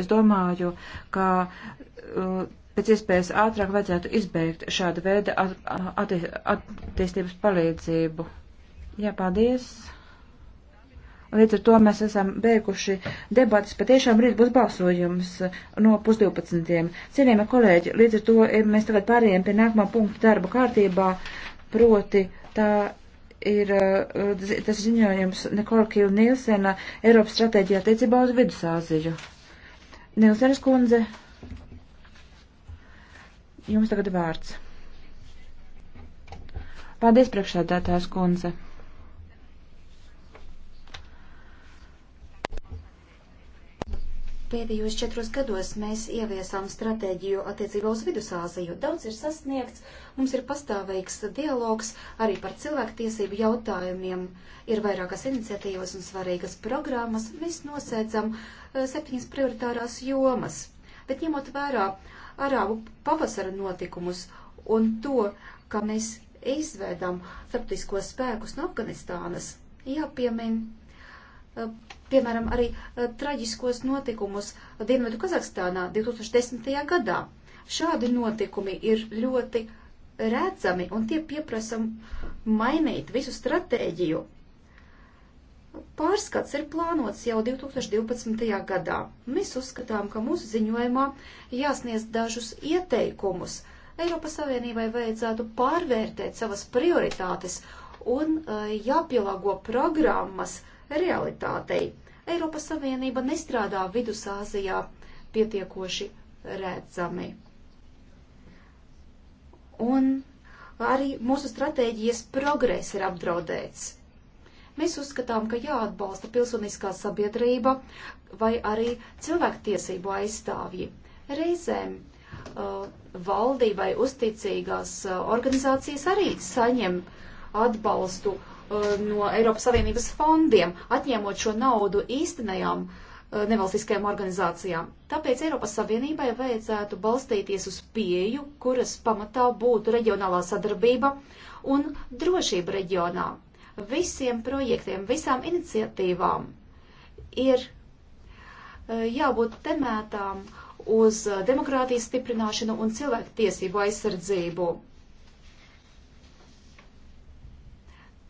Es domāju, ka uh, pēc iespējas ātrāk vajadzētu izbeigt šādu veidu at, at, attīstības palīdzību. Jā, paldies. Līdz ar to mēs esam beiguši debatas. Patiešām rīt būs balsojums no pusdivpadsmitiem. Cienījamie kolēģi, līdz ar to mēs tagad pārējiem pie nākamā punkta darba kārtībā, proti tā ir uh, tas ziņojums Nikola Kilnielsena Eiropas stratēģijā tiecībā uz Vidusāziju. Nilseres kundze, jums tagad vārds. Paldies, priekšsēdētājs kundze. Pēdējos četros gados mēs ieviesām stratēģiju attiecībā uz Vidusāziju. Daudz ir sasniegts, mums ir pastāvīgs dialogs arī par cilvēktiesību jautājumiem, ir vairākas iniciatīvas un svarīgas programmas. Mēs nosēdzam eh, septiņas prioritārās jomas, bet ņemot vērā arābu pavasara notikumus un to, ka mēs izvēdām starptiskos spēkus no Afganistānas, jāpiemin eh, piemēram, arī eh, traģiskos notikumus Dienvedu Kazahstānā 2010. gadā. Šādi notikumi ir ļoti redzami un tie pieprasa mainīt visu stratēģiju. Pārskats ir plānots jau 2012. gadā. Mēs uzskatām, ka mūsu ziņojumā jāsniedz dažus ieteikumus. Eiropas Savienībai vajadzētu pārvērtēt savas prioritātes un eh, jāpielāgo programmas realitātei. Eiropas Savienība nestrādā Vidusāzijā pietiekoši redzami. Un arī mūsu stratēģijas progress ir apdraudēts. Mēs uzskatām, ka jāatbalsta pilsoniskā sabiedrība vai arī cilvēktiesību aizstāvji. Reizēm uh, valdībai uzticīgās uh, organizācijas arī saņem atbalstu uh, Eh, no Eiropas Savienības fondiem, atņemot šo naudu īstenajām eh, nevalstiskajām organizācijām. Tāpēc Eiropas Savienībai vajadzētu balstīties uz pieju, kuras pamatā būtu reģionālā sadarbība un drošība reģionā. Visiem projektiem, visām iniciatīvām ir eh, jābūt temētām uz demokrātijas stiprināšanu un cilvēku tiesību aizsardzību.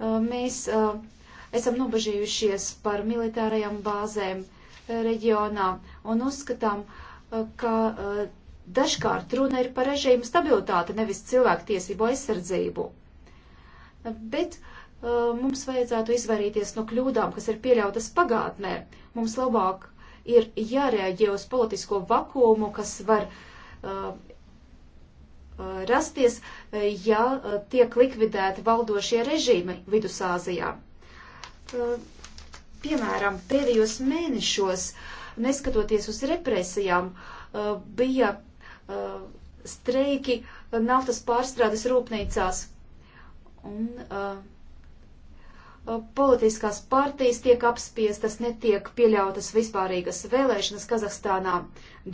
Uh, mēs uh, esam nobežījušies par militārajām bāzēm uh, reģionā un uzskatām, ka dažkārt runa ir par režīmu stabilitāti, nevis cilvēktiesību aizsardzību. Bet uh, mums vajadzētu izvairīties no kļūdām, kas ir pieļautas pagātnē. Mums labāk ir jārēģē uz politisko vakumu, kas var uh, Uh, rasties, uh, ja uh, tiek likvidēti valdošie režīmi Vidusāzijā. Piemēram, pēdējos mēnešos, neskatoties uz represijām, bija streiki naftas pārstrādes rūpnīcās. Un, uh, politiskās partijas tiek apspiestas, netiek pieļautas vispārīgas vēlēšanas Kazahstānā.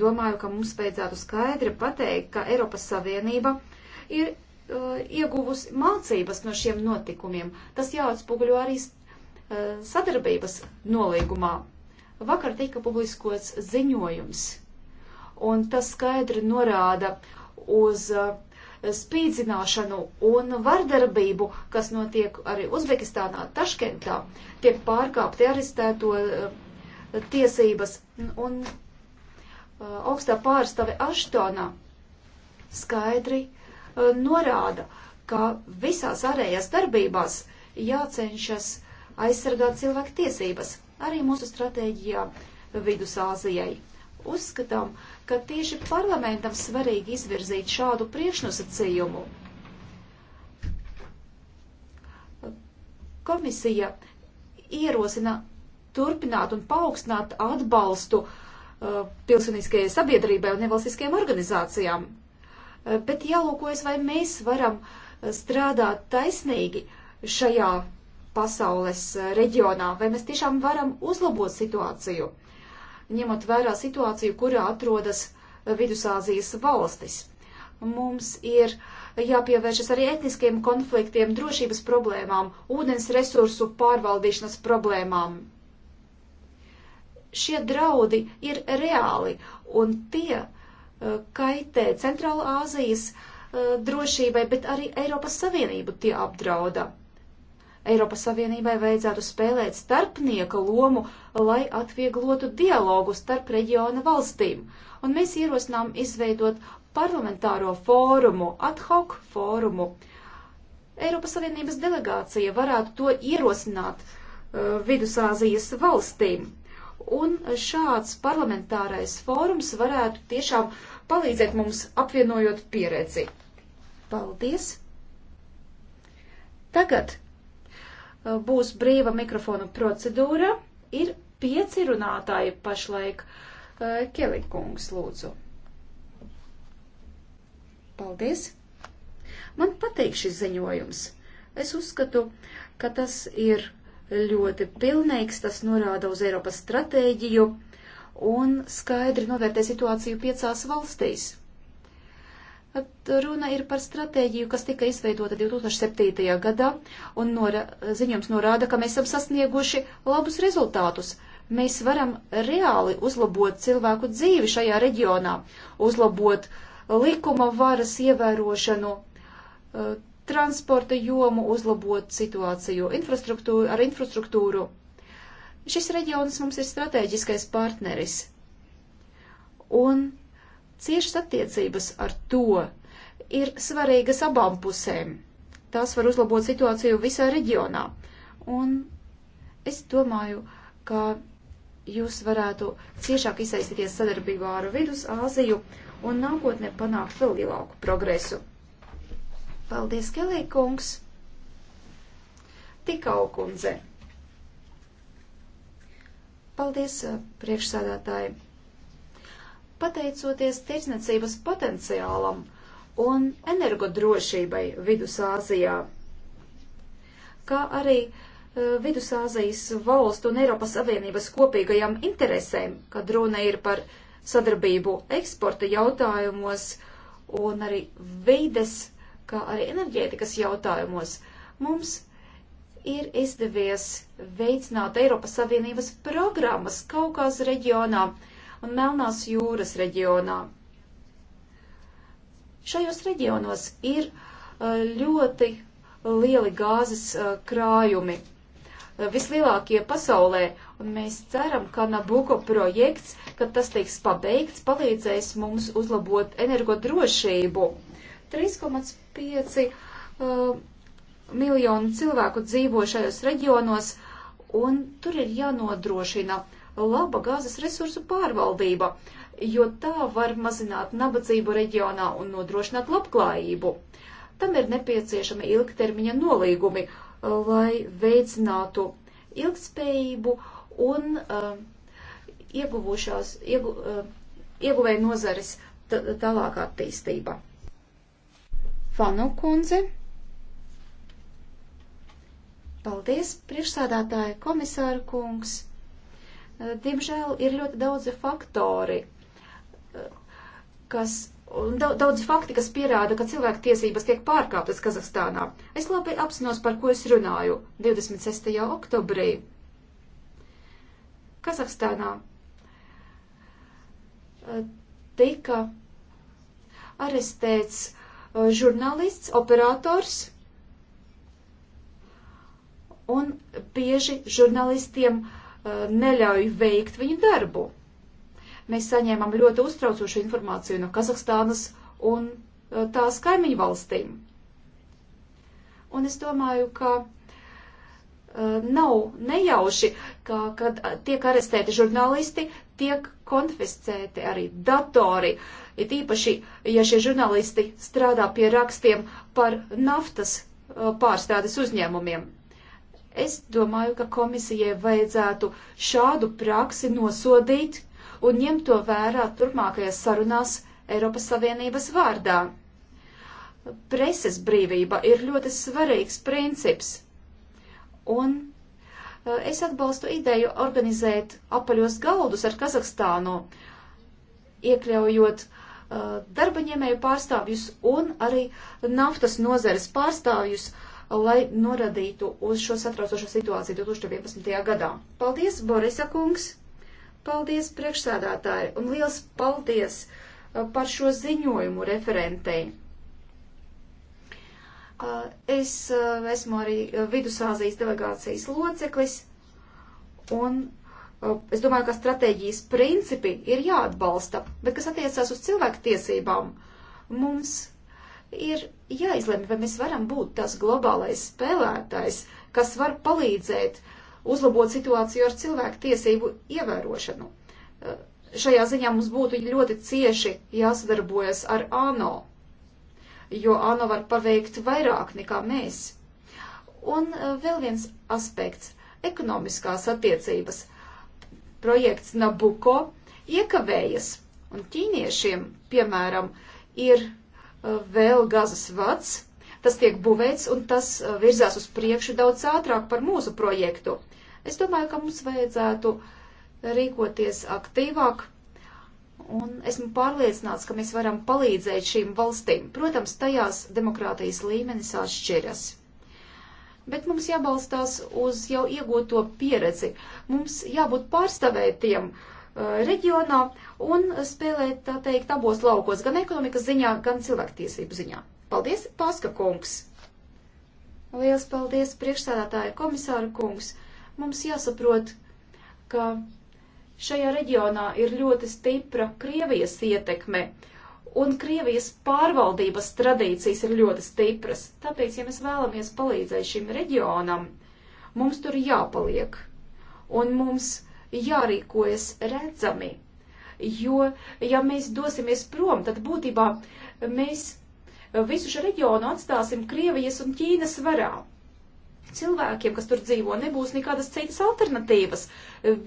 Domāju, ka mums vajadzētu skaidri pateikt, ka Eiropas Savienība ir uh, ieguvusi mācības no šiem notikumiem. Tas jāatspoguļo arī uh, sadarbības nolīgumā. Vakar tika publiskots ziņojums, un tas skaidri norāda uz uh, spīdzināšanu un vardarbību, kas notiek arī Uzbekistānā, Taškentā, tiek pārkāpti arestēto eh, tiesības. Un eh, augstā pārstave Aštona skaidri eh, norāda, ka visās ārējās darbībās jācenšas aizsargāt cilvēku tiesības, arī mūsu stratēģijā Vidusāzijai. Uzskatām, ka tieši parlamentam svarīgi izvirzīt šādu priešnosacījumu. Komisija ierosina turpināt un paaugstināt atbalstu uh, pilsoniskajai sabiedrībai un nevalstiskajām organizācijām. Uh, bet jālūkojas, vai mēs varam uh, strādāt taisnīgi šajā pasaules uh, reģionā, vai mēs tiešām varam uzlabot situāciju ņemot vērā situāciju, kurā atrodas eh, Vidusāzijas valstis. Mums ir jāpievēršas arī etniskiem konfliktiem, drošības problēmām, ūdens resursu pārvaldīšanas problēmām. Šie draudi ir reāli un tie eh, kaitē Centrāla Āzijas eh, drošībai, bet arī Eiropas Savienību tie apdrauda. Eiropas Savienībai vajadzētu spēlēt starpnieka lomu, lai atvieglotu dialogu starp reģiona valstīm. Un mēs ierosinām izveidot parlamentāro fórumu, ad hoc fórumu. Eiropas Savienības delegācija varētu to ierosināt uh, Vidusāzijas valstīm. Un šāds parlamentārais fórums varētu tiešām palīdzēt mums apvienojot pieredzi. Paldies! Tagad Eh, būs brīva mikrofona procedūra. Ir pieci runātāji pašlaik. Eh, Kelikungs, lūdzu. Paldies! Man patīk šis ziņojums. Es uzskatu, ka tas ir ļoti pilnīgs, tas norāda uz Eiropas stratēģiju un skaidri novērtē situāciju piecās valstīs. Runa ir par stratēģiju, kas tika izveidota 2007. gadā, un nora, ziņojums norāda, ka mēs esam sasnieguši labus rezultātus. Mēs varam reāli uzlabot cilvēku dzīvi šajā reģionā, uzlabot likuma varas ievērošanu, eh, transporta jomu, uzlabot situāciju infrastruktūru, ar infrastruktūru. Šis reģions mums ir strateģiskais partneris. Un Ciešas attiecības ar to ir svarīgas abām pusēm. Tās var uzlabot situāciju visā reģionā. Un es domāju, ka jūs varētu ciešāk izsaistīties sadarbībā ar Vidus Āziju un nākotnē panākt vēl lielāku progresu. Paldies, Kelī kungs! Tikau kundze! Paldies, priekšsādātāji! pateicoties tirsniecības potenciālam un energodrošībai Vidusāzijā, kā arī e, Vidusāzijas valstu un Eiropas Savienības kopīgajām interesēm, kad runa ir par sadarbību eksporta jautājumos un arī vides, kā arī enerģētikas jautājumos, mums ir izdevies veicināt Eiropas Savienības programmas Kaukās reģionā, uh, un Melnās jūras reģionā. Šajos reģionos ir uh, ļoti lieli gāzes uh, krājumi, uh, vislielākie pasaulē, un mēs ceram, ka Nabuko projekts, kad tas tiks pabeigts, palīdzēs mums uzlabot energodrošību. 3,5 uh, miljonu cilvēku dzīvo šajos reģionos, un tur ir jānodrošina uh, laba gāzes resursu pārvaldība, jo tā var mazināt nabadzību reģionā un nodrošināt labklājību. Tam ir nepieciešami ilgtermiņa nolīgumi, eh, lai veicinātu ilgspējību un uh, ieguvušās, iegu, uh, ieguvēja nozares tālāk attīstība. Fanu kundze. Paldies, priekšsādātāja komisāra kungs. Diemžēl ir ļoti daudzi faktori, kas, daudz fakti, kas pierāda, ka cilvēku tiesības tiek pārkāptas Kazahstānā. Es labi apzinos, par ko es runāju 26. oktobrī. Kazahstānā eh, tika arestēts eh, žurnālists, operators, un bieži žurnālistiem uh, Eh, neļauj veikt viņu darbu. Mēs saņēmām ļoti uztraucošu informāciju no Kazahstānas un eh, tās kaimiņu valstīm. Un es domāju, ka eh, nav nejauši, ka, kad tiek arestēti žurnālisti, tiek konfiscēti arī datori. Ir īpaši, ja šie žurnālisti strādā pie rakstiem par naftas pārstādes uzņēmumiem. Es domāju, ka komisijai vajadzētu šādu praksi nosodīt un ņemt to vērā turpmākajās sarunās Eiropas Savienības vārdā. Preses brīvība ir ļoti svarīgs princips, un eh, es atbalstu ideju organizēt apaļos galdus ar Kazahstānu, iekļaujot eh, darba ņēmēju pārstāvjus un arī naftas nozares pārstāvjus uh, lai norādītu uz šo satraucošo situāciju 2011. gadā. Paldies, Borisa kungs! Paldies, priekšsēdātāji! Un liels paldies uh, par šo ziņojumu referentei! Uh, es uh, esmu arī Vidusāzijas delegācijas loceklis, un es domāju, ka stratēģijas principi ir jāatbalsta, bet kas attiecās uz cilvēku tiesībām, mums ir jāizlemj, vai mēs varam būt tas globālais spēlētājs, kas var palīdzēt uzlabot situāciju ar cilvēku tiesību ievērošanu. Eh, šajā ziņā mums būtu ļoti cieši jāsadarbojas ar ANO, jo ANO var paveikt vairāk nekā mēs. Un eh, vēl viens aspekts - ekonomiskās attiecības. Projekts Nabuko iekavējas, un ķīniešiem, piemēram, ir vēl gazas vads. Tas tiek būvēts un tas uh, virzās uz priekšu daudz ātrāk par mūsu projektu. Es domāju, ka mums vajadzētu rīkoties aktīvāk. Un esmu pārliecināts, ka mēs varam palīdzēt šīm valstīm. Protams, tajās demokrātijas līmenis atšķiras. Bet mums jābalstās uz jau iegūto pieredzi. Mums jābūt pārstāvētiem uh, Eh, reģionā un spēlēt, tā teikt, abos laukos, gan ekonomikas ziņā, gan cilvēktiesību ziņā. Paldies, Paska kungs! Liels paldies, priekšsēdētāja komisāra kungs! Mums jāsaprot, ka šajā reģionā ir ļoti stipra Krievijas ietekme, un Krievijas pārvaldības tradīcijas ir ļoti stipras. Tāpēc, ja mēs vēlamies palīdzēt šim reģionam, mums tur jāpaliek, un mums jārīkojas redzami, jo, ja mēs dosimies prom, tad būtībā mēs visu šo reģionu atstāsim Krievijas un Ķīnas varā. Cilvēkiem, kas tur dzīvo, nebūs nekādas citas alternatīvas,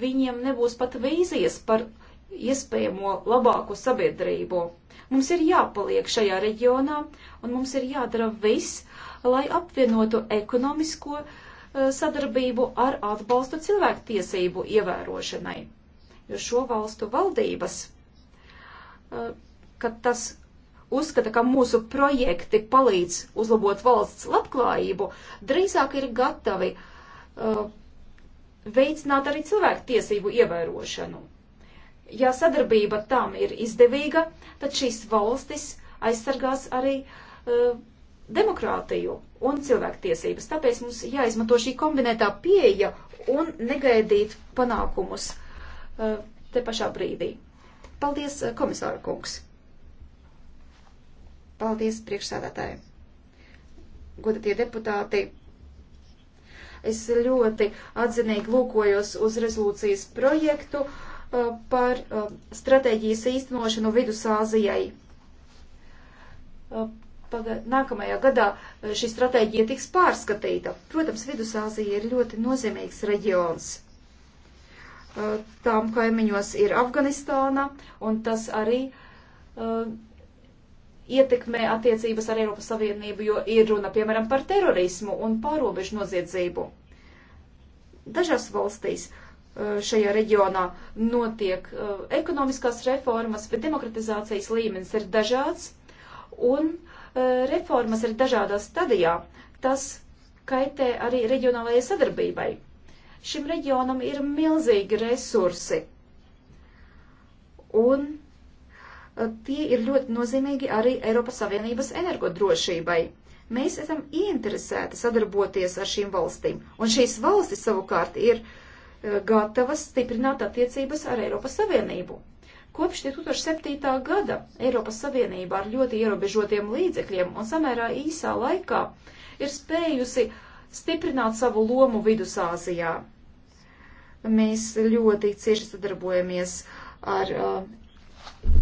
viņiem nebūs pat vīzijas par iespējamo labāko sabiedrību. Mums ir jāpaliek šajā reģionā, un mums ir jādara viss, lai apvienotu ekonomisko, uh, Uh, sadarbību ar atbalstu cilvēktiesību ievērošanai. Jo šo valstu valdības, uh, kad tas uzskata, ka mūsu projekti palīdz uzlabot valsts labklājību, drīzāk ir gatavi uh, veicināt arī cilvēku tiesību ievērošanu. Ja sadarbība tam ir izdevīga, tad šīs valstis aizsargās arī uh, demokrātiju un cilvēktiesības. Tāpēc mums jāizmanto šī kombinētā pieeja un negaidīt panākumus uh, te pašā brīdī. Paldies, uh, komisāra kungs! Paldies, priekšsēdētāji! Godatie deputāti! Es ļoti atzinīgi lūkojos uz rezolūcijas projektu uh, par stratēģijas īstenošanu Vidusāzijai pagad, nākamajā gadā eh, šī stratēģija tiks pārskatīta. Protams, Vidusāzija ir ļoti nozīmīgs reģions. Eh, tām kaimiņos ir Afganistāna, un tas arī uh, ietekmē attiecības ar Eiropas Savienību, jo ir runa, piemēram, par terorismu un pārobežu noziedzību. Dažās valstīs uh, šajā reģionā notiek uh, ekonomiskās reformas, bet demokratizācijas līmenis ir dažāds, un uh, Eh, reformas ir dažādā stadijā. Tas kaitē arī reģionālajai sadarbībai. Šim reģionam ir milzīgi resursi. Un eh, tie ir ļoti nozīmīgi arī Eiropas Savienības energodrošībai. Mēs esam ieinteresēti sadarboties ar šīm valstīm, un šīs valstis savukārt ir eh, gatavas stiprināt attiecības ar Eiropas Savienību. Kopš 2007. gada Eiropas Savienība ar ļoti ierobežotiem līdzekļiem un samērā īsā laikā ir spējusi stiprināt savu lomu Vidusāzijā. Mēs ļoti cieši sadarbojamies ar, uh,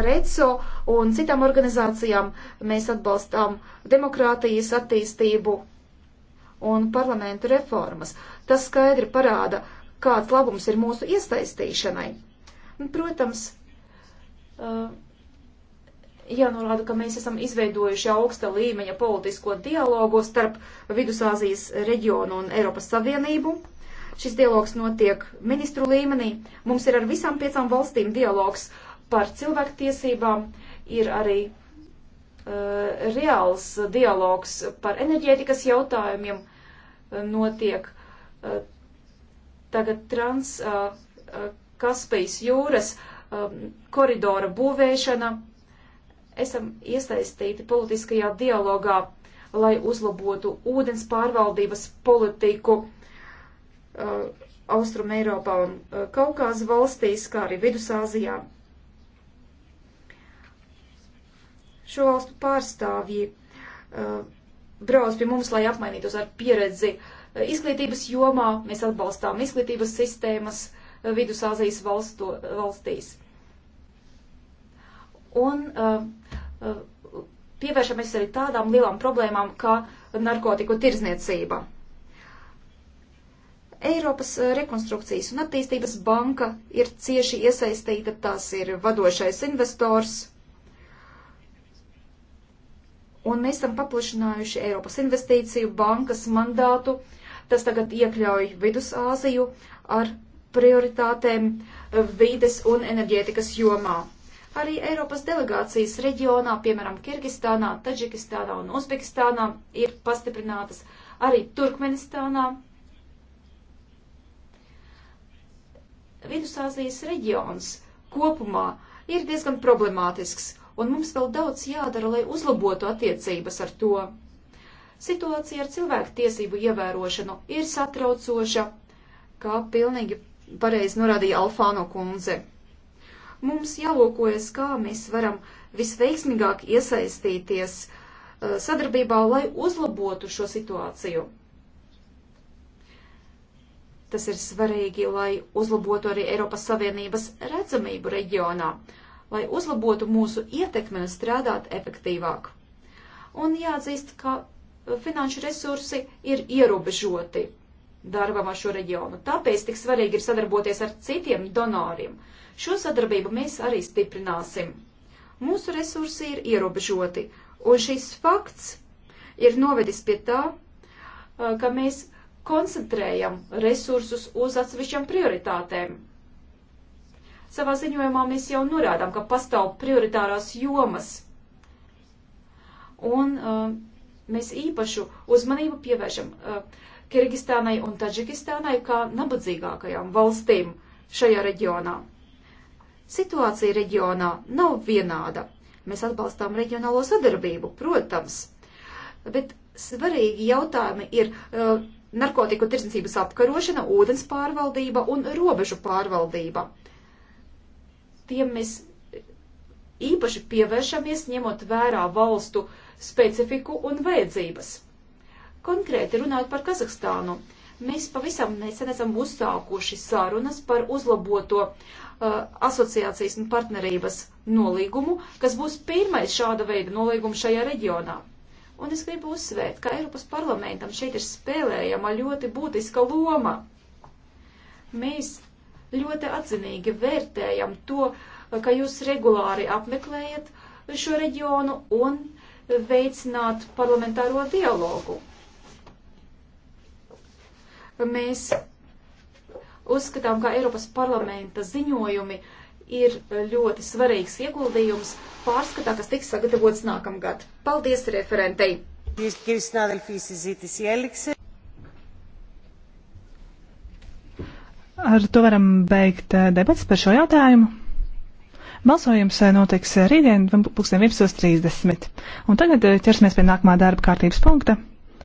ar ECO un citām organizācijām. Mēs atbalstām demokrātijas attīstību un parlamentu reformas. Tas skaidri parāda, kāds labums ir mūsu iesaistīšanai. Un, nu, protams, jānorāda, ka mēs esam izveidojuši augsta līmeņa politisko dialogu starp Vidusāzijas reģionu un Eiropas Savienību. Šis dialogs notiek ministru līmenī. Mums ir ar visām piecām valstīm dialogs par cilvēktiesībām, ir arī uh, reāls dialogs par enerģētikas jautājumiem notiek. Uh, tagad trans. Uh, uh, Kaspijas jūras um, koridora būvēšana. Esam iesaistīti politiskajā dialogā, lai uzlabotu ūdens pārvaldības politiku uh, Austrum Eiropā un uh, Kaukāzu valstīs, kā arī Vidusāzijā. Šo valstu pārstāvji uh, brauc pie mums, lai apmainītos ar pieredzi uh, izglītības jomā. Mēs atbalstām izglītības sistēmas, uh, Vidusāzijas valstu, valstīs. Un uh, uh, pievēršamies arī tādām lielām problēmām, kā narkotiku tirzniecība. Eiropas rekonstrukcijas un attīstības banka ir cieši iesaistīta, tās ir vadošais investors. Un mēs esam paplašinājuši Eiropas investīciju bankas mandātu. Tas tagad iekļauj Vidusāziju ar prioritātēm eh, vides un enerģētikas jomā. Arī Eiropas delegācijas reģionā, piemēram, Kirgistānā, Taģikistānā un Uzbekistānā ir pastiprinātas arī Turkmenistānā. Vidusāzijas reģions kopumā ir diezgan problemātisks, un mums vēl daudz jādara, lai uzlabotu attiecības ar to. Situācija ar cilvēku tiesību ievērošanu ir satraucoša, kā pilnīgi pareizi norādīja Alfāno kundze. Mums jālūkojas, kā mēs varam visveiksmīgāk iesaistīties uh, sadarbībā, lai uzlabotu šo situāciju. Tas ir svarīgi, lai uzlabotu arī Eiropas Savienības redzamību reģionā, lai uzlabotu mūsu ietekmi un strādāt efektīvāk. Un jāatzīst, ka finanšu resursi ir ierobežoti darbam ar šo reģionu. Tāpēc tik svarīgi ir sadarboties ar citiem donoriem. Šo sadarbību mēs arī stiprināsim. Mūsu resursi ir ierobežoti, un šis fakts ir novedis pie tā, ka mēs koncentrējam resursus uz atsevišķām prioritātēm. Savā ziņojumā mēs jau norādām, ka pastāv prioritārās jomas, un uh, mēs īpašu uzmanību pievēršam uh, Kirgistānai un Taģikistānai kā nabadzīgākajām valstīm šajā reģionā. Situācija reģionā nav vienāda. Mēs atbalstām reģionālo sadarbību, protams, bet svarīgi jautājumi ir uh, narkotiku tirdzniecības apkarošana, ūdens pārvaldība un robežu pārvaldība. Tiem mēs īpaši pievēršamies ņemot vērā valstu specifiku un vajadzības. Konkrēti runājot par Kazahstānu, mēs pavisam nesen esam uzsākuši sarunas par uzlaboto uh, asociācijas un partnerības nolīgumu, kas būs pirmais šāda veida nolīgums šajā reģionā. Un es gribu uzsvērt, ka Eiropas parlamentam šeit ir spēlējama ļoti būtiska loma. Mēs ļoti atzinīgi vērtējam to, uh, ka jūs regulāri apmeklējat šo reģionu un veicināt parlamentāro dialogu. Mēs uzskatām, ka Eiropas parlamenta ziņojumi ir ļoti svarīgs ieguldījums pārskatā, kas tiks sagatavots nākamgad. Paldies referentei! Ar to varam beigt eh, debats par šo jautājumu. Balsojums eh, notiks eh, rītdien, 11.30. Un tagad ķersimies pie nākamā darba kārtības punkta.